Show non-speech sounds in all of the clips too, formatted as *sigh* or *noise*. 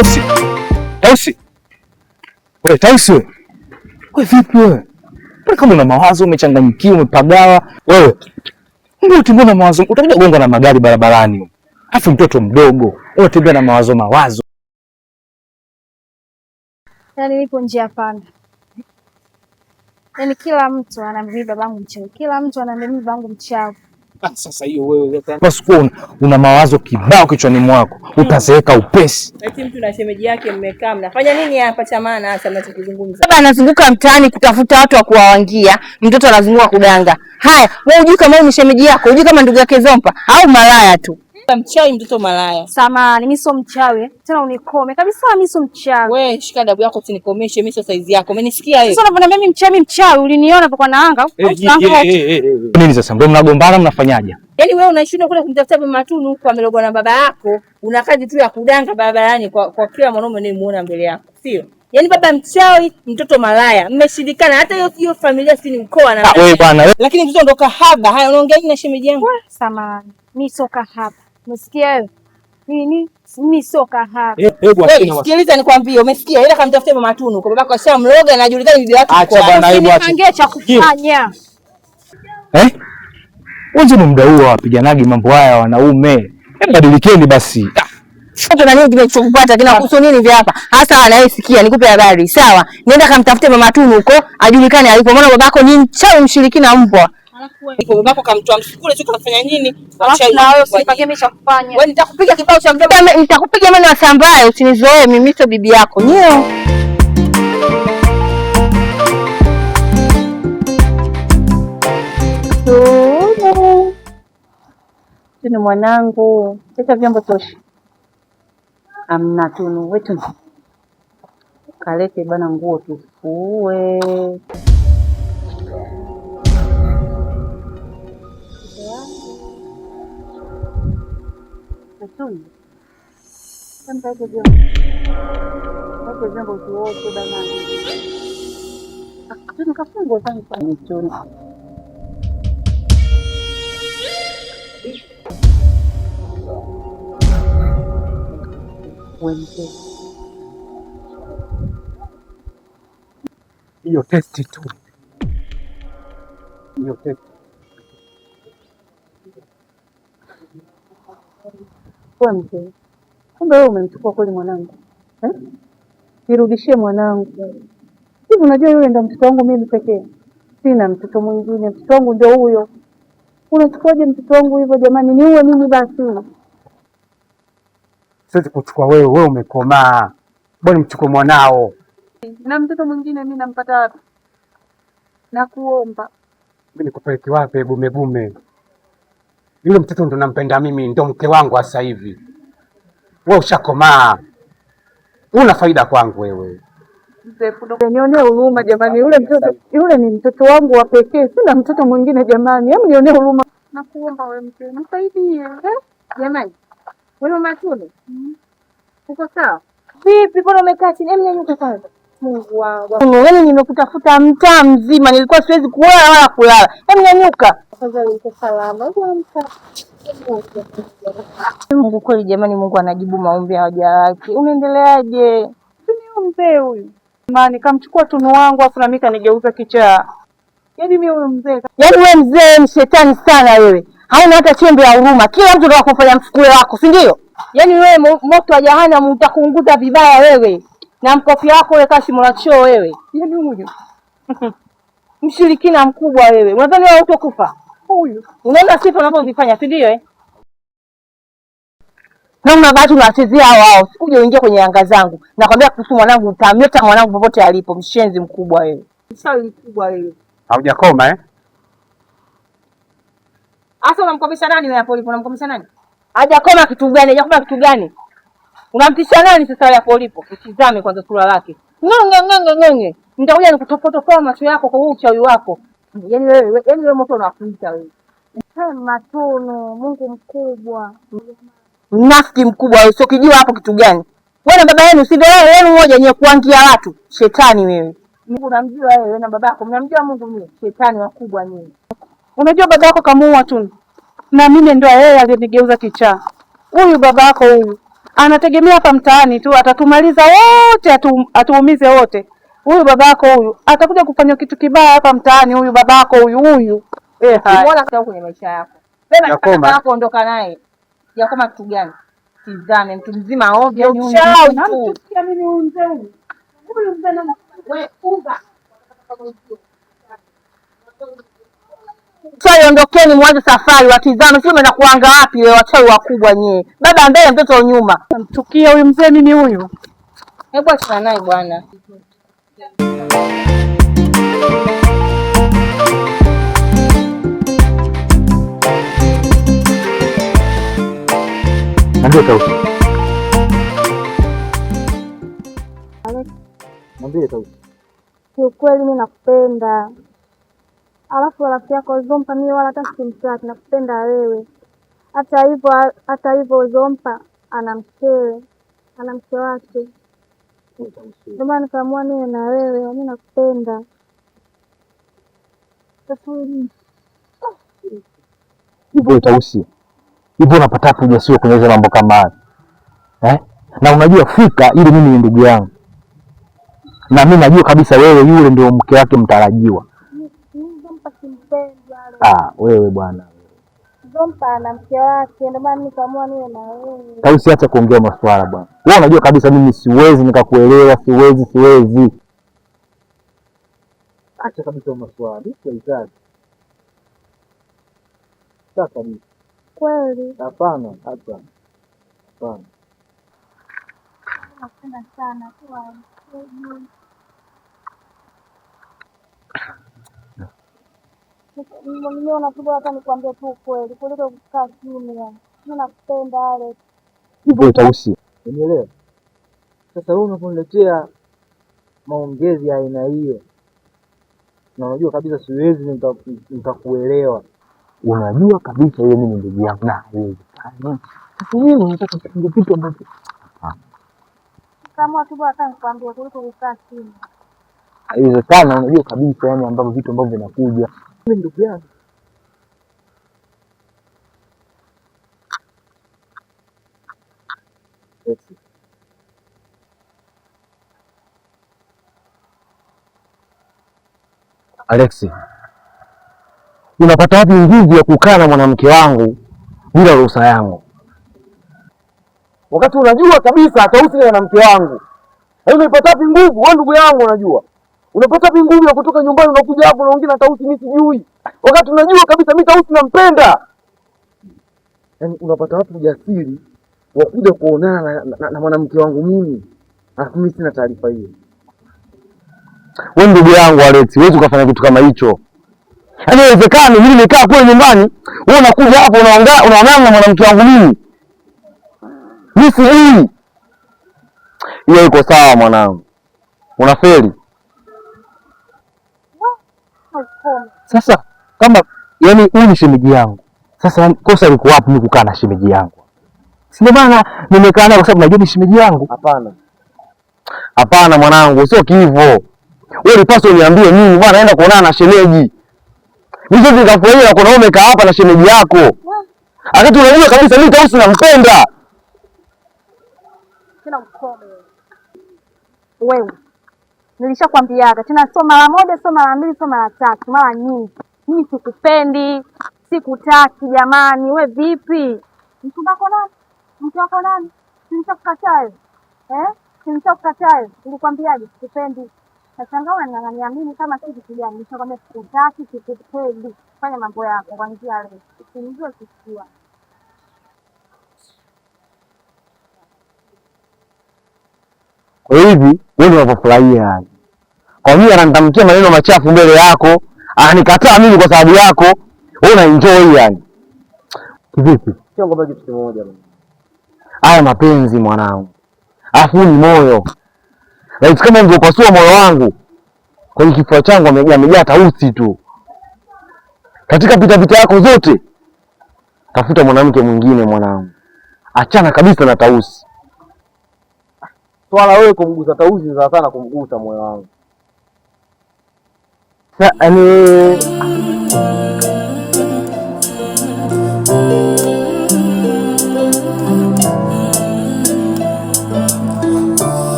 Tausi, Tausi, we Tausi, we we, vipi wewe? Kama una mawazo umechanganyikiwa, umepagawa wewe, mtu mbona mawazo, utakuja gonga na magari barabarani, afu mtoto mdogo unatembea na mawazo mawazo. Yaani nipo njia panda, yaani kila mtu anamdai babangu mchawi, kila mtu anamdai babangu mchawi. Ah, sasa hiyo wewe una, una mawazo kibao kichwani mwako hmm. utazeeka upesi. Eti mtu na shemeji yake mmekaa mnafanya nini hapa cha maana hasa mnachozungumza? Baba anazunguka mtaani kutafuta watu wa kuwawangia, mtoto anazunguka kudanga. Haya, wewe unajui kama huyu ni shemeji yako, unajui kama ndugu yake Zompa au malaya tu? Mchawi mtoto malaya. Samahani, mimi sio mchawi. Tena unikome kabisa, mimi sio mchawi. Wewe shika adabu yako usinikomeshe, mimi sio saizi yako. Umenisikia wewe? Sasa unaniambia mimi mchawi mchawi, uliniona hapo kwa naanga? Eh, eh, eh, nini sasa? Ndio mnagombana mnafanyaje? Yaani wewe unaishindwa kule kumtafuta mama Tunu huko amelogwa na baba yako, una kazi tu ya kudanga barabarani kwa kwa kila mwanaume unayemuona mbele yako. Sio? Yaani baba mchawi, mtoto malaya. Mmeshindikana hata hiyo hiyo familia si ni mkoa na. Ah, wewe bwana. Lakini mtoto ndo kahaba. Haya unaongea nini na shemeji yangu? Samahani. Mimi sio kahaba. Umesikia nini? Mimi sio kahaa. Sikiliza nikwambie, umesikia? Ila kamtafutie mama Tunu huko, babako na julikana bibi yake. Acha bwana, hebu acha. Ange cha kufanya. Eh? Wanzo ni mda huo wapiganagi mambo haya wanaume. Badilikeni basi. Sasa ah. na nini nini vya hapa? Hasa nikupe habari. Sawa. Nenda kamtafute mama Tunu huko, ajulikane alipo. Maana babako ni mchawi mshirikina mbwa babako kamtoa msukule tu kafanya nini? Wewe nitakupiga kibao cha mdomo. Nitakupiga mimi wasambaye, usinizoee mimi sio bibi yako. Nio. Tuni mwanangu, leta vyombo toshi Amna tunu wetu. Kalete bana nguo tufue. Sasuni, mtaweke vyombo, weke vyombo viwote bana, kafungwa tanifanichoni wemzee hiyo testi tu, hiyo testi Chukua mzee, kumbe wewe umemchukua kweli mwanangu eh? Nirudishie mwanangu hivi. Unajua yule ndo mtoto wangu mimi pekee, sina mtoto mwingine. Mtoto wangu ndio huyo. Unachukuaje mtoto wangu hivyo jamani? niue mimi basi? Siwezi kuchukua wewe, wewe umekomaa bwana, mchukue mwanao. Na mtoto mwingine mimi nampata wapi? Nakuomba mimi nikupeleke wapi? Bumebume yule mtoto ndo nampenda mimi, ndo mke wangu sasa hivi. Wewe ushakomaa, una faida kwangu wewe. Nionee huruma jamani, yule mtoto yule ni mtoto wangu wa pekee, sina mtoto mwingine jamani, hebu nionee huruma. Nakuomba wewe mzee, nisaidie eh? jamani. Wewe Matuni, hmm? uko sawa vipi? Mbona umekaa chini? Hebu nyanyuka kwanza. Mungu wangu, yaani nimekutafuta mtaa mzima, nilikuwa siwezi kuona wala kulala. Hebu nyanyuka kwanza Mungu kweli jamani, Mungu anajibu maombi ya waja wake. Unaendeleaje? Mzee huyu kamchukua tunu wangu afu nami kanigeuza kichaa. Yaani mimi huyu mzee, yaani wewe mzee mshetani sana wewe, hauna hata chembe ya huruma. Kila mtu ndio kufanya mfukule wako, si ndio? Yaani wewe moto wa jahanamu utakuunguza vibaya wewe na mkofi wako wewe, kasi mwanachoo wewe, yaani huyu *laughs* mshirikina mkubwa wewe, unadhani wewe utakufa? huyu. Unaona sifa unavyovifanya, si ndio eh? Na mna bahati unawachezea wao. Sikuje uingie kwenye anga zangu. Nakwambia kuhusu mwanangu utamyota mwanangu popote alipo, mshenzi mkubwa wewe. Mshenzi mkubwa wewe. Haujakoma eh? Asa unamkomesha nani wewe hapo ulipo? Unamkomesha nani? Hajakoma kitu gani? Hajakoma kitu gani? Unamtisha nani sasa wewe hapo ulipo? Utizame kwanza sura yake. Ng'ong'e ng'ong'e ng'ong'e. Nitakuja nikutofotofoa macho yako kwa uchawi wako. Yaani wewe yaani wewe moto unakuita wewe. Matunu, Mungu mkubwa. Mnafiki mkubwa wewe, sio kijua hapo kitu gani? Wewe na baba yenu sivyo wewe yenu moja nyewe kuangia watu. Shetani wewe. Mungu unamjua wewe na baba yako. Mnamjua Mungu mimi. Shetani wakubwa mimi Unajua baba yako kamuua tu. Na mimi ndio yeye aliyenigeuza kichaa. Huyu baba yako huyu anategemea hapa mtaani tu atatumaliza wote, atu, atuumize wote huyu babako huyu atakuja kufanya kitu kibaya hapa mtaani, huyu babako huyu huyu eh, kwenye maisha yako. Sema ondoka naye Yakoma, kitu gani? Tizame mtu mzima ovyo, chai ondokeni, mwanze safari, watizame sio mna kuanga wapi leo, wachawi wakubwa nyie. Baba mbele, mtoto nyuma. Mtukie huyu mzee, mimi huyu, hebu achana naye bwana. Kiukweli mi nakupenda, alafu rafiki yako Zompa mi wala hata simtaki, nakupenda wewe. Hata hivyo hata hivyo Zompa ana mkewe, ana mke wake ndio maana nikaamua niwe na wewe, mimi nakupenda. Hivyo Tausi, hivyo unapata ujasiri kwenye hizo mambo kama haya eh? Na unajua fika ili mimi ni ndugu yangu, na mimi najua kabisa wewe yule ndio mke wake mtarajiwa. Ah, wewe bwana Nilipompa na mke wake, ndio maana nikaamua niwe na wewe. kuongea maswala bwana. Wewe unajua kabisa mimi siwezi nikakuelewa, siwezi, siwezi. Acha kabisa maswala, mimi sihitaji. Sasa mimi. Kweli? Hapana, acha. Hapana. Napenda sana kwa mwenyewe unakuja hata nikwambie tu ukweli kuliko kukaa kimya. Mimi nakupenda Alex. Hivyo Tausi, Unielewa? Sasa wewe unaponiletea maongezi ya aina hiyo, na unajua kabisa siwezi nikakuelewa. Unajua kabisa hiyo mimi ndugu yangu na wewe. Sasa mimi nataka kufunga kitu ambacho kama watu hata nikwambie kuliko kukaa kimya. Haiwezekana, unajua kabisa yani ambavyo vitu ambavyo vinakuja mimi ndugu yangu, Alexi, unapata wapi nguvu ya kukaa na mwanamke wangu bila ruhusa yangu, wakati unajua kabisa atausi na mwanamke wangu? Hayo yaani unaipata wapi nguvu wewe, ndugu yangu? Unajua Unapata vingumu ya kutoka nyumbani unakuja hapo na wengine Tausi mimi sijui. Wakati unajua kabisa mimi Tausi nampenda. Yaani unapata watu ujasiri wa kuja kuonana na, na, na, na mwanamke wangu mimi. Alafu mimi sina taarifa hiyo. Wewe ndugu yangu Alex, huwezi ukafanya kitu kama hicho. Yaani haiwezekani mimi nimekaa kule nyumbani, wewe unakuja hapo unaongea unaonana na mwanamke wangu mimi. Mimi sijui. Hiyo iko sawa mwanangu. Unafeli. Sasa kama yani huyu ni shemeji yangu, sasa kosa liko wapi mimi kukaa na shemeji yangu? Si ndio maana nimekaa naye kwa sababu najua ni shemeji yangu. Hapana, hapana mwanangu, sio kivyo. Wewe ulipaswa uniambie mimi bwana, naenda kuonana na shemeji Mwisho nikafurahia na kuna umekaa hapa na shemeji yako. Akati unajua kabisa mimi Tausi nampenda. Sina mkome. Wewe Nilishakwambiaga tena, sio mara moja, sio mara mbili, sio mara tatu, mara nyingi, mimi sikupendi, sikutaki. Jamani, we vipi? Mtu wako nani? Mtu wako nani? Nilishakukatae eh? Nilishakukatae, nilikwambiaje? Sikupendi. Nashangaa unaning'ang'ania mimi kama kitu kijani. Nishakwambia sikutaki, sikupendi. Fanya mambo yako kwa njia leo, usinijue kisikia kwa hivi wewe unavyofurahia hali kwa hiyo ananitamkia maneno machafu mbele yako, ananikataa ah, mimi kwa sababu yako wewe, una enjoy yani kivipi? Sio ngombe kitu kimoja bwana, haya mapenzi mwanangu, afu ni moyo laiti, kama ungepasua moyo wangu kwenye kifua changu amejaa tausi tu. Katika pitapita yako zote, tafuta mwanamke mwingine mwanangu, achana kabisa na tausi. Swala wewe kumgusa tausi, sana sana kumgusa moyo wangu Nah, anu. ini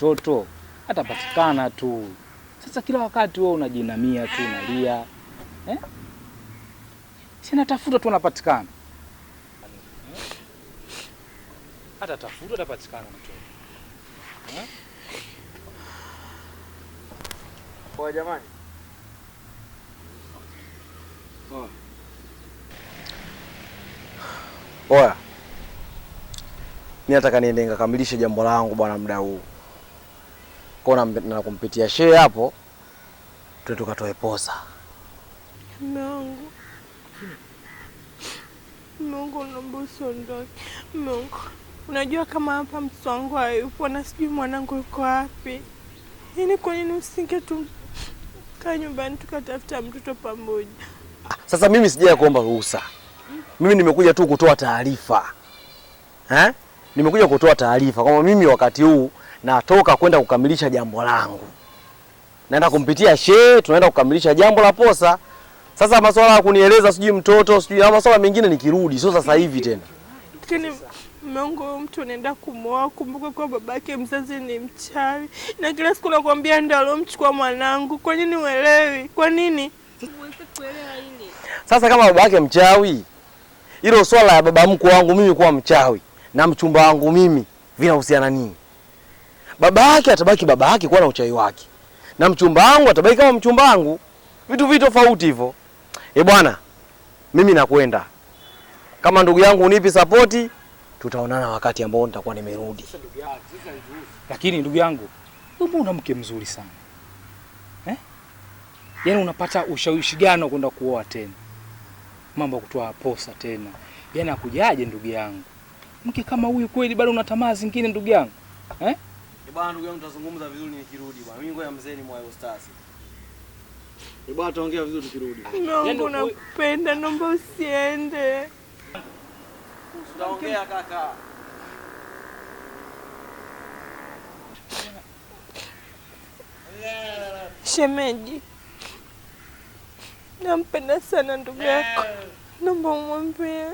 mtoto atapatikana tu. Sasa kila wakati wewe unajinamia tu unalia eh? Sina tafuta tu anapatikana, hata tafuta atapatikana mtoto eh? Kwa jamani, oya oya, mi nataka niende nikakamilishe jambo langu bwana, muda huu kwa na kumpitia shehe hapo, tuwe tukatoe posa. Mume wangu, mume wangu, naomba usiondoke. Mume wangu, unajua kama hapa mtoto wangu hayupo na sijui mwanangu yuko wapi. Yaani kwa nini usinge tukaa nyumbani tukatafuta mtoto pamoja? Ah, sasa mimi sijaja kuomba ruhusa, mimi nimekuja tu kutoa taarifa eh? Nimekuja kutoa taarifa kwamba mimi wakati huu natoka kwenda kukamilisha jambo langu, naenda kumpitia shehe, tunaenda kukamilisha jambo la posa. Sasa masuala ya kunieleza sijui mtoto sijui na masuala mengine nikirudi, sio sasa hivi tena. Lakini mmeongo mtu anaenda kumwoa, kumbuka kwa babake mzazi ni mchawi, na kila siku nakwambia ndio alomchukua mwanangu. Kwa nini uelewi? Kwa nini sasa kama babake mchawi, hilo swala ya baba mkwe wangu mimi kuwa mchawi na mchumba wangu mimi vinahusiana nini? baba yake atabaki baba yake kwa na uchai wake, na mchumba wangu atabaki kama mchumba wangu, vitu vitu tofauti hivyo. Eh bwana, mimi nakwenda kama ndugu yangu, unipi sapoti, tutaonana wakati ambao nitakuwa nimerudi. Lakini ndugu yangu, wewe una mke mzuri sana eh? Yaani unapata ushawishi gani kwenda kuoa tena, mambo ya kutoa posa tena, yaani akujaje ndugu yangu? Mke kama huyu kweli bado una tamaa zingine ndugu yangu eh? Eh bwana ndugu yangu, tutazungumza vizuri nikirudi bwana. Mimi ngoja mzee ni mwa Eustas. Ni eh bwana tuongea vizuri tukirudi. Mungu yaani nakupenda, naomba usiende. Tutaongea kaka. Shemeji, nampenda sana ndugu yako, naomba umwambie,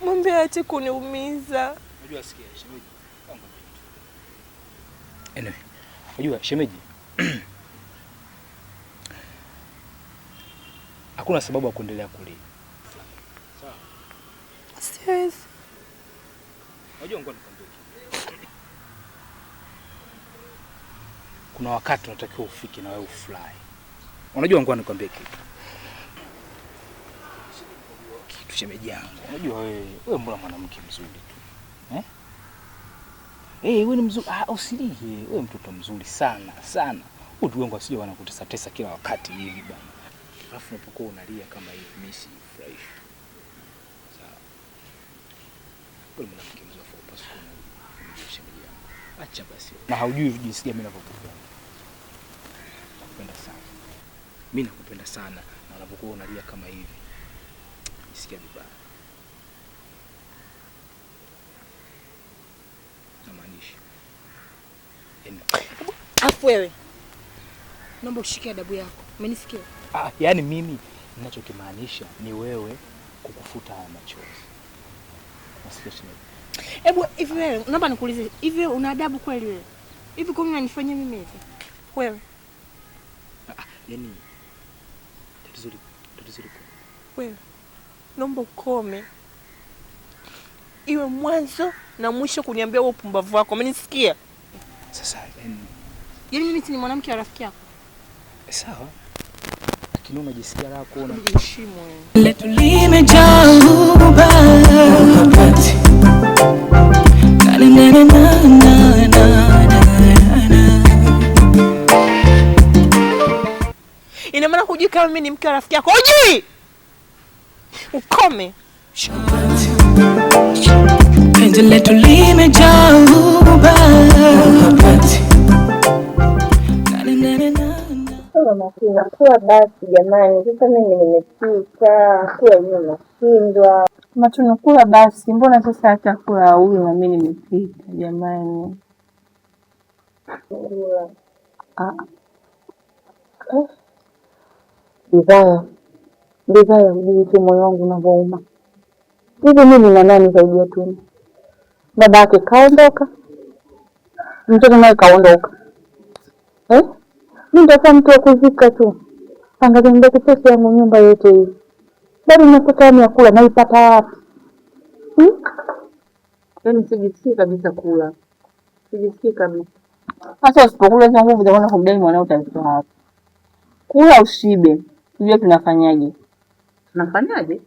mwambie ache kuniumiza unajua sikia shemeji, Anyway, unajua shemeji, *clears throat* hakuna sababu ya kuendelea kulia. Sawa. Serious. Unajua ngoja nikwambie. *clears throat* Kuna wakati unatakiwa ufike na wewe ufurahi. Unajua ngoja nikwambie kitu. Kitu shemeji yangu. Unajua wewe, wewe mbona mwanamke mzuri? Hey, eh, wewe ni mzuri ah, usilie wewe, mtoto mzuri sana sana. Watu wangu wasije wanakutesa tesa kila wakati hivi bwana. Alafu unapokuwa unalia kama hivi, mimi si furahi. Sawa. Wewe mwanamke mzuri afa pasi kuna. Acha basi. Na haujui jinsi gani mimi nakupenda. Nakupenda sana. Mimi nakupenda sana na unapokuwa unalia kama hivi. Nisikia vibaya. namaanisha. Afu wewe naomba ushike adabu yako, umenisikia? Ah, yaani mimi ninachokimaanisha ni wewe kukufuta haya machozi. Nasikia Hebu hivi wewe, naomba nikuulize, hivi wewe una adabu kweli wewe? Hivi kwa nini unanifanyia mimi hivi? Wewe. Ah, ah, yani tatizo liko. Wewe. Naomba ukome. Iwe mwanzo na mwisho kuniambia wewe upumbavu wako. Umenisikia? Sasa yaani mimi si ni mwanamke wa rafiki yako? Eh, sawa. Lakini unajisikia raha kuona heshima wewe. Letu limejaa huba. Ina maana hujui kama mimi ni mke wa rafiki yako. Hujui? Ukome. Shabati. Shabati. Bonde letu limejaa huba. Nakuwa basi jamani, sasa mimi nimepita kula hiyo nashindwa matunukula basi. Mbona sasa hata kula huyu na mimi nimepika jamani? Bidhaa bidhaa ya mjini, moyo wangu unavyouma hivi, mimi na nani zaidi ya Tunu? Babake kaondoka, mtoto naye kaondoka eh? Mimi mtu wa kuzika tu. Angalia ndio pesa yangu nyumba yote hii bado napata hamu ya kula, naipata wapi? Hmm? Yaani sijisikii kabisa kula, sijisikii kabisa. hasa usipokula hizo nguvu za kwenda kumdai mwanao utazitoa wapi? Kula ushibe, tujue tunafanyaje, tunafanyaje.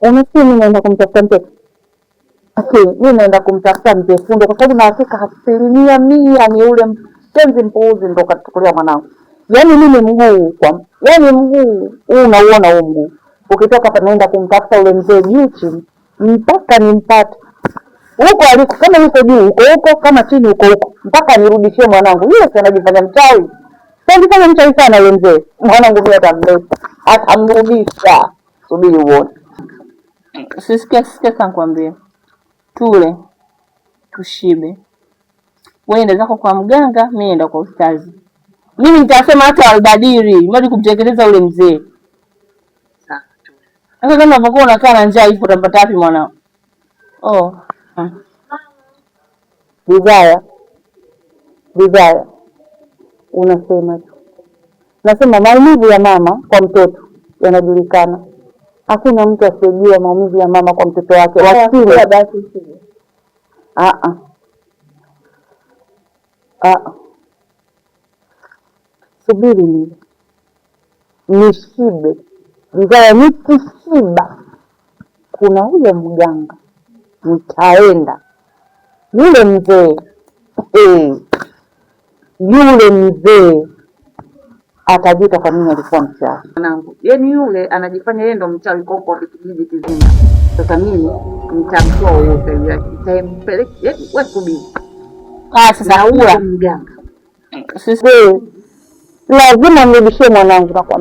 Umesikia, mimi naenda kumtafuta mtoto okay, mi naenda kumtafuta mzee fundo, kwa sababu na asilimia mia ni ule mpenzi mpuuzi ndo katukulia mwanangu. Yaani mimi mguu kwa yaani mguu huu unauona huu mguu, ukitoka hapa naenda kumtafuta ule mzee juu chini mpaka nimpate huko aliko, kama yuko juu huko huko, kama chini huko huko, mpaka nirudishie mwanangu. Yule si anajifanya mchawi, sanjifanya mchawi sana yule mzee mwanangu, mi atamleta atamrudisha. Subiri uone, sisikia sisikia, sankuambia tule tushibe. Wewe enda zako kwa mganga, mimi naenda kwa ustazi. Mimi nitasema hata albadiri mradi kumtekeleza ule mzee. Sasa kama unapokuwa unakaa na njaa ipo, utapata wapi mwanao? Oh, ah. vibaya vibaya, unasema tu. Nasema maumivu ya mama kwa mtoto yanajulikana Hakuna mtu asiyejua maumivu ya mama kwa mtoto wake. Ah, ah. Ah, Subiri ni nishibe, ngaa nikishiba, kuna huyo mganga, nitaenda yule mzee, eh. yule mzee atajuta kwa nini alikuwa mchawi. Mwanangu yani yule anajifanya yeye ndo mchawi kwa huko kijiji kizima. Sasa mimi nitamtoa huyo uchawi wake, nitampeleka yaani wewe kubi. Ah, sasa huyo mganga sisi wewe lazima mrudishie mwanangu, na kwa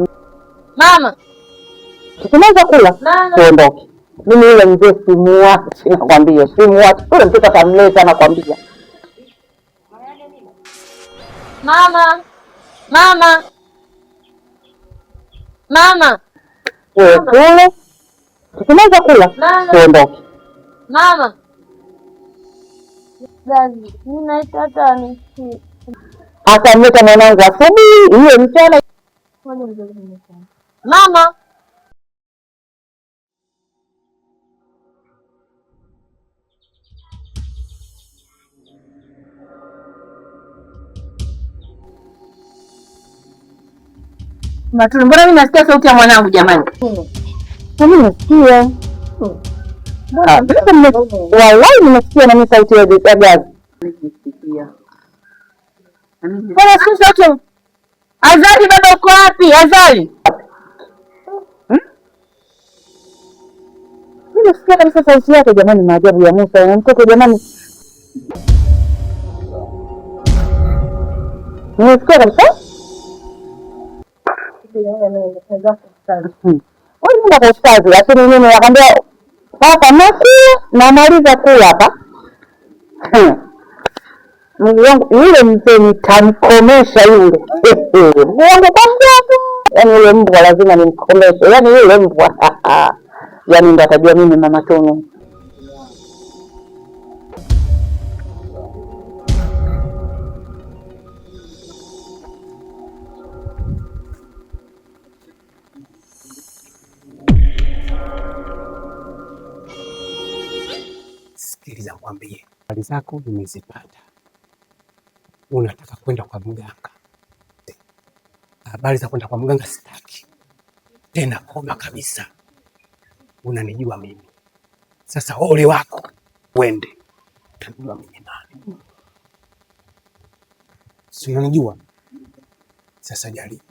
mama tukimaliza kula tuondoke. Mimi yule mzee simuachi, nakwambia simuachi. Yule mtoto atamleta, nakwambia mama, mama Mama. Kule. Eh, Tukimaliza kula tuondoke. Mama. Gazi, ninaita tani. Akamleta mwanangu asubuhi, hiyo mchana. Mama. Matunu, mbona mimi nasikia sauti ya mwanangu jamani? Mimi nasikia. Ah, Wallahi nimesikia na mimi sauti ya gari. Mimi nasikia. Mbona sio sauti? Azali baba uko wapi? Azali. Mimi hmm? nasikia kabisa sauti yake jamani, maajabu ya Musa. Na mtoto jamani. Nimesikia kabisa mimi nako ustazi, lakini mimi nakwambia hapa nakula namaliza kula hapa Mungu wangu yule mzee nitamkomesha yule. Mungu wangu kwa mdogo. Yaani yule mbwa lazima nimkomeshe. Yaani yule mbwa. *laughs* Yaani ndo atajua mimi mama Tunu. Sikiliza nikwambie, hali zako nimezipata, unataka kwenda kwa mganga. Habari za kwenda kwa mganga sitaki tena, koma kabisa. Unanijua mimi sasa, ole wako, wende utanijua mimi nani, si unanijua sasa, jaribu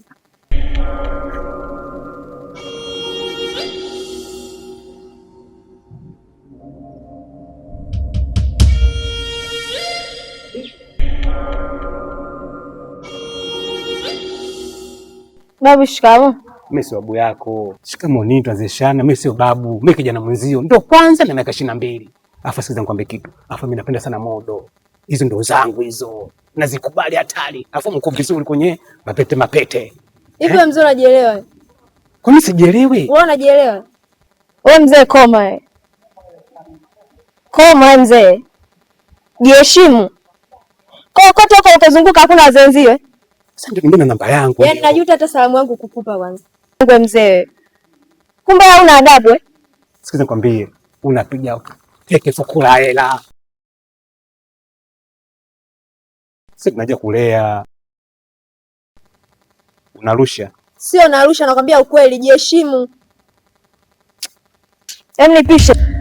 Babu, shikamoo. Mimi si babu yako. Shikamoo nini, tuanzeshana. Mimi sio babu, mimi kijana mwenzio, ndo kwanza na miaka ishirini na mbili. Afa sikiza nikwambie kitu, Afa mimi napenda sana modo, hizo ndo zangu hizo, nazikubali hatari. Afa mko vizuri kwenye mapete mapete. Hivi eh? wewe mzee unajielewa? Kwa nini sijielewi? Wewe unajielewa? Wewe mzee koma wewe. Koma mzee. Jiheshimu. Kokote huko ukazunguka hakuna wazee wenziwe. Eh? Sasa ndio nimeona namba yangu. Yaani najuta hata salamu yangu kukupa kwanza. Ngwe mzee. Kumbe una adabu eh? Sikiza nikwambie, unapiga teke fukula hela. Sisi tunaje kulea. Unarusha. Sio narusha, nakwambia ukweli, jiheshimu. pisha.